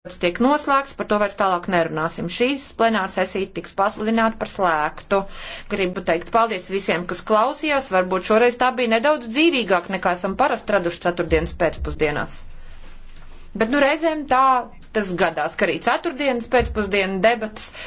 debats tiek noslēgts, par to vairs tālāk nerunāsim. Šīs plenāra sesija tiks pasludināta par slēgtu. Gribu teikt paldies visiem, kas klausījās. Varbūt šoreiz tā bija nedaudz dzīvīgāk, nekā esam parasti raduši ceturtdienas pēcpusdienās. Bet nu reizēm tā tas gadās, ka arī ceturtdienas pēcpusdienu debats